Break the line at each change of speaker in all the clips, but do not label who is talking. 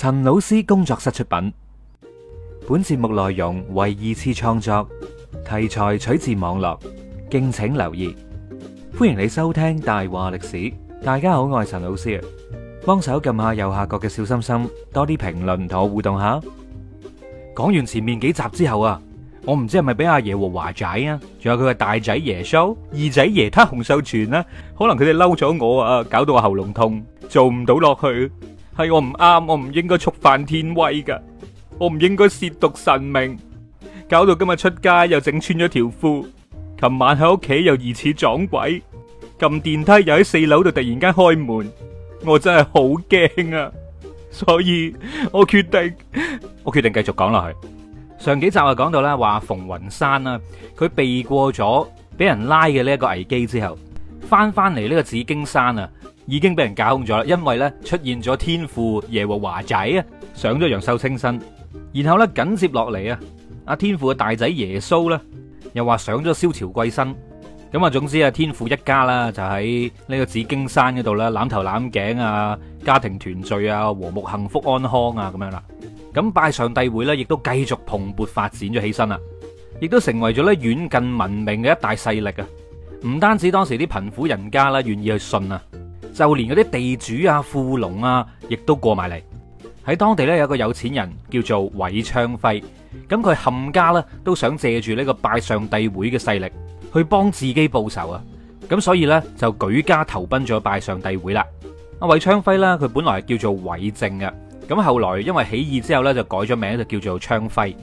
陳老師工作室出品，本節目內容為二次創作，題材取自網絡，敬請留意。歡迎你收聽《大話歷史》。大家好，我係陳老師啊，幫手撳下右下角嘅小心心，多啲評論同我互動下。講完前面幾集之後啊，我唔知係咪俾阿爺和華仔啊，仲有佢個大仔耶穌、二仔耶穌洪秀全啦，可能佢哋嬲咗我啊，搞到我喉嚨痛，做唔到落去。係我唔啱，我唔應該觸犯天威噶，我唔應該褻瀆神明，搞到今日出街又整穿咗條褲，琴晚喺屋企又疑似撞鬼，撳電梯又喺四樓度突然間開門，我真係好驚啊！所以我決定，我決定繼續講落去。上幾集啊，講到呢話，馮雲山啊，佢避過咗俾人拉嘅呢一個危機之後，翻翻嚟呢個紫荊山啊。已經俾人架空咗啦，因為咧出現咗天父耶和華仔啊，上咗楊秀清身，然後咧緊接落嚟啊，阿天父嘅大仔耶穌咧又話上咗蕭朝貴身，咁啊，總之啊，天父一家啦就喺呢個紫荊山嗰度啦，攬頭攬頸啊，家庭團聚啊，和睦幸福安康啊，咁樣啦。咁拜上帝會咧，亦都繼續蓬勃發展咗起身啦，亦都成為咗咧遠近聞名嘅一大勢力啊。唔單止當時啲貧苦人家啦願意去信啊。就連嗰啲地主啊、富農啊，亦都過埋嚟。喺當地咧，有個有錢人叫做韋昌輝，咁佢冚家啦都想借住呢個拜上帝會嘅勢力去幫自己報仇啊！咁所以呢，就舉家投奔咗拜上帝會啦。阿韋昌輝呢，佢本來係叫做韋政嘅，咁後來因為起義之後呢，就改咗名，就叫做昌輝。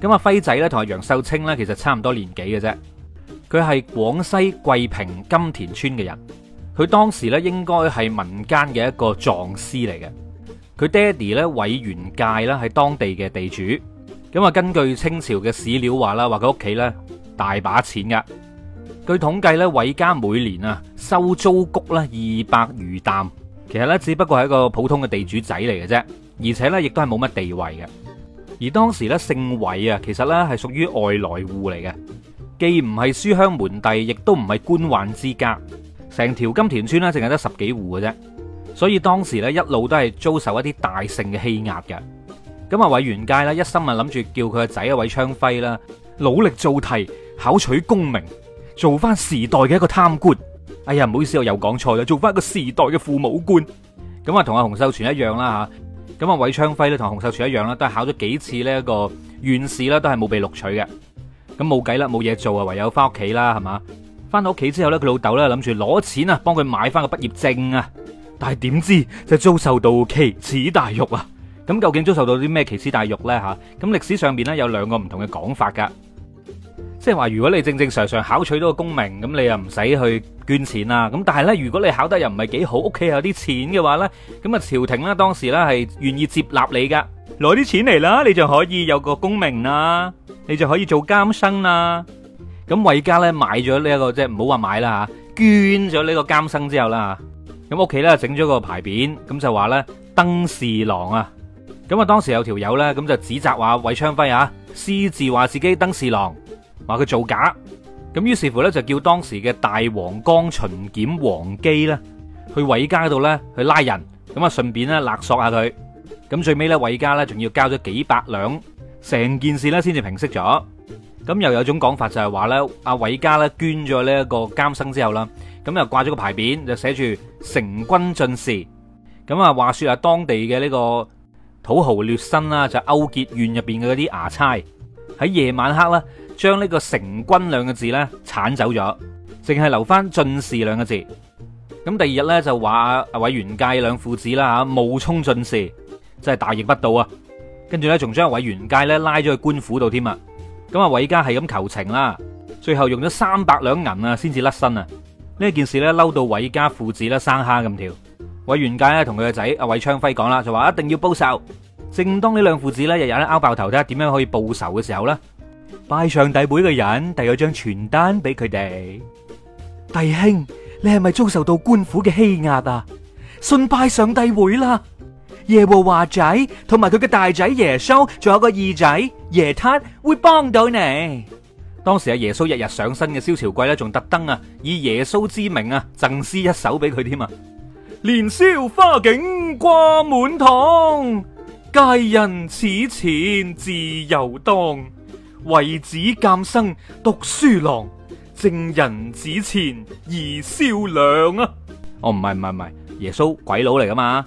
咁阿輝仔呢，同阿楊秀清呢，其實差唔多年紀嘅啫，佢係廣西桂平金田村嘅人。佢當時咧應該係民間嘅一個葬師嚟嘅。佢爹哋咧，韋元玠啦，係當地嘅地主。咁啊，根據清朝嘅史料話啦，話佢屋企咧大把錢噶。據統計咧，韋家每年啊收租谷咧二百餘擔。其實咧，只不過係一個普通嘅地主仔嚟嘅啫，而且咧亦都係冇乜地位嘅。而當時咧，姓韋啊，其實咧係屬於外來戶嚟嘅，既唔係書香門第，亦都唔係官宦之家。成條金田村咧，淨係得十幾戶嘅啫，所以當時咧一路都係遭受一啲大姓嘅欺壓嘅。咁啊，韋元介咧一心啊諗住叫佢個仔啊韋昌輝啦，努力做題，考取功名，做翻時代嘅一個貪官。哎呀，唔好意思，我又講錯咗，做翻一個時代嘅父母官。咁啊，同阿洪秀全一樣啦吓。咁啊，韋昌輝咧同洪秀全一樣啦，都係考咗幾次呢一個院士啦，都係冇被錄取嘅。咁冇計啦，冇嘢做啊，唯有翻屋企啦，係嘛。翻到屋企之後咧，佢老豆咧諗住攞錢啊，幫佢買翻個畢業證啊，但係點知就遭受到奇恥大辱啊！咁究竟遭受到啲咩奇恥大辱咧？吓，咁歷史上邊咧有兩個唔同嘅講法噶，即係話如果你正正常常考取到個功名，咁你又唔使去捐錢啦。咁但係咧，如果你考得又唔係幾好，屋企有啲錢嘅話咧，咁啊朝廷啦，當時啦係願意接納你噶，攞啲錢嚟啦，你就可以有個功名啦，你就可以做監生啦。咁韋家咧買咗呢一個，即係唔好話買啦吓，捐咗呢個監生之後啦，咁屋企咧整咗個牌匾，咁就話咧登仕郎啊，咁啊當時有條友咧咁就指責話韋昌輝啊，私自話自己登仕郎，話佢造假，咁於是乎咧就叫當時嘅大湟江巡檢黃基咧去韋家度咧去拉人，咁啊順便咧勒索下佢，咁最尾咧韋家咧仲要交咗幾百兩，成件事咧先至平息咗。咁又有種講法就係話咧，阿韋家咧捐咗呢一個監生之後啦，咁又掛咗個牌匾，就寫住成均進士。咁啊，話説啊，當地嘅呢個土豪劣紳啦，就勾結縣入邊嘅嗰啲衙差，喺夜晚黑啦，將呢個成均兩個字咧剷走咗，淨係留翻進士兩個字。咁第二日咧就話阿韋元介兩父子啦嚇冒充進士，真係大逆不道啊！跟住咧仲將阿韋元介咧拉咗去官府度添啊！咁啊，韋家係咁求情啦，最後用咗三百兩銀啊，先至甩身啊！呢一件事咧，嬲到韋家父子咧生蝦咁跳。韋元介咧同佢個仔阿韋昌輝講啦，就話一定要報仇。正當呢兩父子咧日日咧拗爆頭，睇下點樣可以報仇嘅時候咧，拜上帝會嘅人遞咗張傳單俾佢哋，弟兄，你係咪遭受到官府嘅欺壓啊？信拜上帝會啦！耶和華仔同埋佢嘅大仔耶穌，仲有個二仔耶特，會幫到你。當時阿耶穌日日上身嘅蕭朝貴呢，仲特登啊，以耶穌之名啊，贈詩一首俾佢添啊！年宵花景掛滿堂，佳人此前自由當，為子監生讀書郎，正人子前而消涼啊！哦，唔係唔係唔係，耶穌鬼佬嚟噶嘛？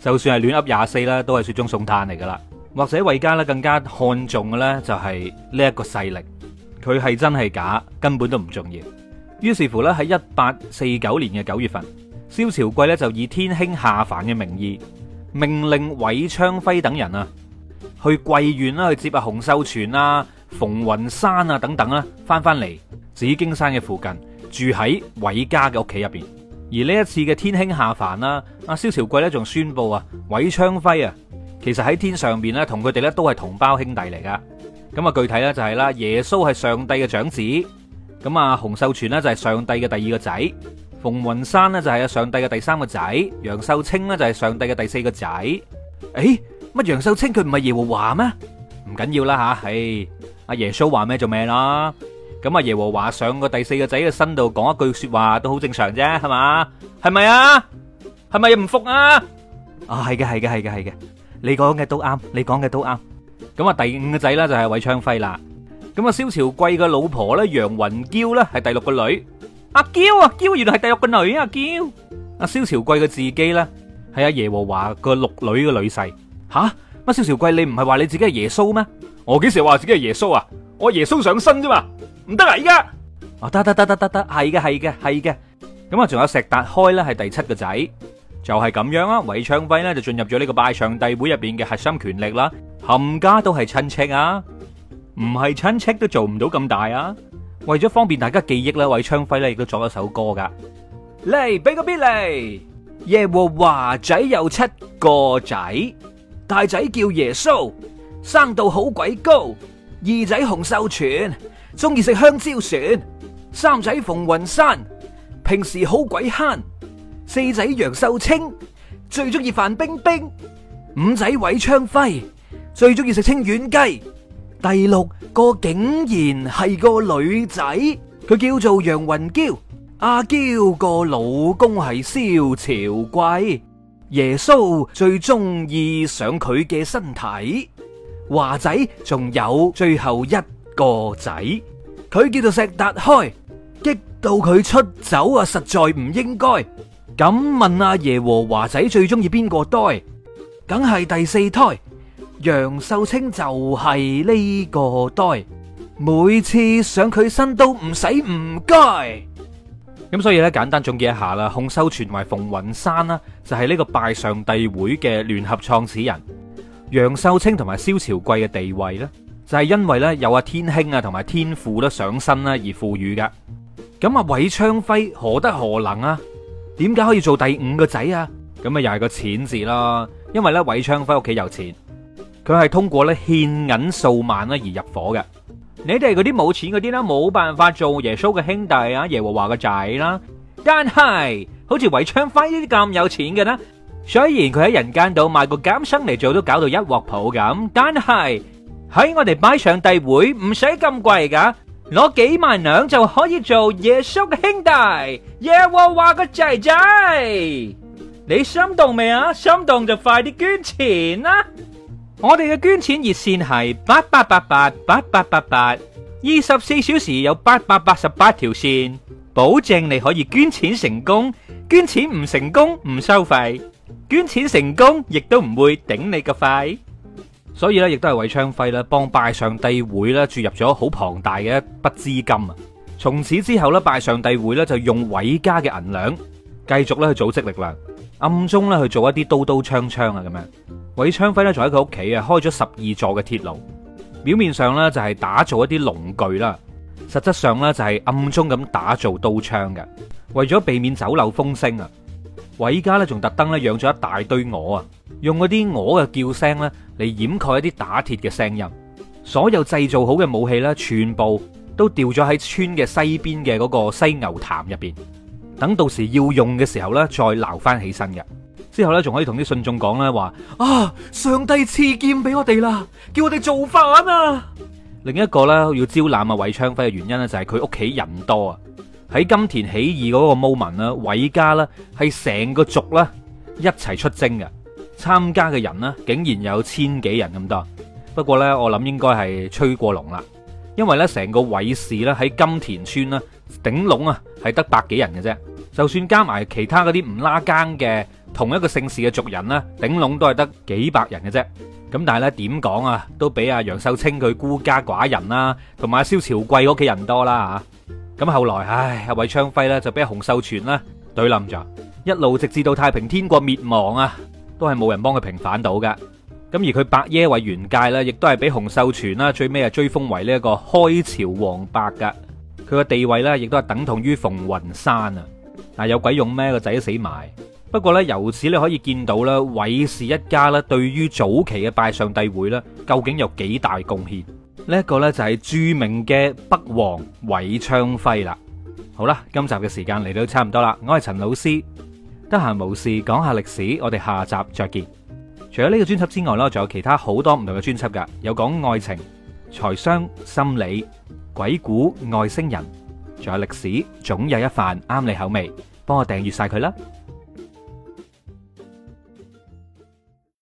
就算係亂噏廿四啦，都係雪中送炭嚟噶啦。或者韋家咧更加看重嘅呢，就係呢一個勢力。佢係真係假，根本都唔重要。於是乎咧，喺一八四九年嘅九月份，蕭朝貴咧就以天兄下凡嘅名義，命令韋昌輝等人啊，去貴縣啦，去接阿洪秀全啊、馮雲山啊等等啊，翻翻嚟紫荊山嘅附近，住喺韋家嘅屋企入邊。而呢一次嘅天兄下凡啦，阿蕭朝貴咧仲宣布啊，韋昌輝啊，其實喺天上邊咧，同佢哋咧都係同胞兄弟嚟噶。咁啊，具體咧就係啦，耶穌係上帝嘅長子，咁啊，洪秀全呢就係上帝嘅第二個仔，馮雲山呢就係上帝嘅第三個仔，楊秀清呢就係上帝嘅第四個仔。誒、欸，乜楊秀清佢唔係耶和華咩？唔緊要啦吓，唉，阿耶穌話咩做咩啦。咁阿耶和華上個第四個仔嘅身度講一句說話都好正常啫，係嘛？係咪啊？係咪唔服啊？啊，係嘅，係嘅，係嘅，係嘅。你講嘅都啱，你講嘅都啱。咁啊，第五個仔咧就係韋昌輝啦。咁啊，蕭朝貴嘅老婆咧楊雲嬌咧係第六個女。阿嬌啊嬌，嬌原來係第六個女，啊。阿嬌，阿蕭朝貴嘅自己咧係阿耶和華個六女嘅女婿。吓，啊，乜蕭朝貴你唔係話你自己係耶，耶穌咩？我幾時話自己係耶穌啊？我耶穌上身啫嘛。唔得嚟噶！哦，得得得得得得，係嘅係嘅係嘅。咁啊，仲有石達開咧，係第七個仔，就係咁樣啦。韋昌輝咧就進入咗呢個拜上帝會入邊嘅核心權力啦。冚家都係親戚啊，唔係親戚都做唔到咁大啊。為咗方便大家記憶咧，韋昌輝咧亦都作咗首歌噶。嚟，俾個 beat 嚟？耶和華仔有七個仔，大仔叫耶穌，生到好鬼高，二仔洪秀全。中意食香蕉船，三仔馮雲山平時好鬼慳，四仔楊秀清最中意范冰冰，五仔韋昌輝最中意食清遠雞，第六個竟然係個女仔，佢叫做楊雲嬌，阿嬌個老公係蕭朝貴，耶穌最中意上佢嘅身體，華仔仲有最後一。個仔，佢叫做石達開，激到佢出走啊！實在唔應該。咁問阿耶和華仔最中意邊個胎？梗係第四胎，楊秀清就係呢個胎，每次上佢身都唔使唔該。咁所以咧，簡單總結一下啦，洪秀全同埋馮雲山啦，就係呢個拜上帝會嘅聯合創始人。楊秀清同埋蕭朝貴嘅地位咧。就係因為咧，有阿天兄啊同埋天父都上身啦，而富裕嘅，咁啊韋昌輝何德何能啊？點解可以做第五個仔啊？咁啊又係個錢字啦，因為咧韋昌輝屋企有錢，佢係通過咧獻銀數萬啦而入夥嘅。你哋嗰啲冇錢嗰啲啦，冇辦法做耶穌嘅兄弟啊，耶和華嘅仔啦。但係好似韋昌輝呢啲咁有錢嘅咧，雖然佢喺人間度賣個監生嚟做都搞到一鑊泡咁，但係。喺我哋拜上帝會唔使咁貴㗎，攞幾萬兩就可以做耶穌兄弟、耶和華個仔仔。你心動未啊？心動就快啲捐錢啦，啊！我哋嘅捐錢熱線係八八八八八八八八，二十四小時有八百八十八條線，保證你可以捐錢成功。捐錢唔成功唔收費，捐錢成功亦都唔會頂你個肺。所以咧，亦都係韋昌輝咧，幫拜上帝會咧注入咗好龐大嘅一筆資金啊！從此之後咧，拜上帝會咧就用韋家嘅銀兩，繼續咧去組織力量，暗中咧去做一啲刀刀槍槍啊咁樣。韋昌輝咧仲喺佢屋企啊，開咗十二座嘅鐵爐，表面上咧就係打造一啲農具啦，實質上咧就係暗中咁打造刀槍嘅。為咗避免走漏風聲啊，韋家咧仲特登咧養咗一大堆鵝啊！用嗰啲鵝嘅叫聲咧，嚟掩蓋一啲打鐵嘅聲音。所有製造好嘅武器咧，全部都掉咗喺村嘅西邊嘅嗰個犀牛潭入邊，等到時要用嘅時候咧，再撈翻起身嘅。之後咧，仲可以同啲信眾講啦，話啊，上帝賜劍俾我哋啦，叫我哋造反啊！另一個咧，要招攬啊韋昌輝嘅原因咧，就係佢屋企人多啊。喺金田起義嗰個 moment 啊，韋家咧係成個族咧一齊出征嘅。參加嘅人呢，竟然有千幾人咁多。不過咧，我諗應該係吹過龍啦，因為咧成個韋氏咧喺金田村啦，頂籠啊係得百幾人嘅啫。就算加埋其他嗰啲唔拉更嘅同一個姓氏嘅族人啦，頂籠都係得幾百人嘅啫。咁但係咧點講啊，都比阿楊秀清佢孤家寡人啦，同埋阿蕭朝貴屋企人多啦嚇。咁後來唉，阿韋昌輝咧就俾阿洪秀全咧對冧咗，一路直至到太平天國滅亡啊！都係冇人幫佢平反到嘅，咁而佢伯爺位元界咧，亦都係俾洪秀全啦，最尾啊追封為呢一個開朝王伯嘅，佢個地位咧，亦都係等同於馮雲山啊，嗱有鬼用咩個仔都死埋？不過咧，由此你可以見到咧，韋氏一家咧，對於早期嘅拜上帝會咧，究竟有幾大貢獻？這個、呢一個咧就係、是、著名嘅北王韋昌輝啦。好啦，今集嘅時間嚟到差唔多啦，我係陳老師。得閒無事講下歷史，我哋下集再見。除咗呢個專輯之外呢，仲有其他好多唔同嘅專輯㗎，有講愛情、財商、心理、鬼故、外星人，仲有歷史，總有一番啱你口味。幫我訂閱晒佢啦。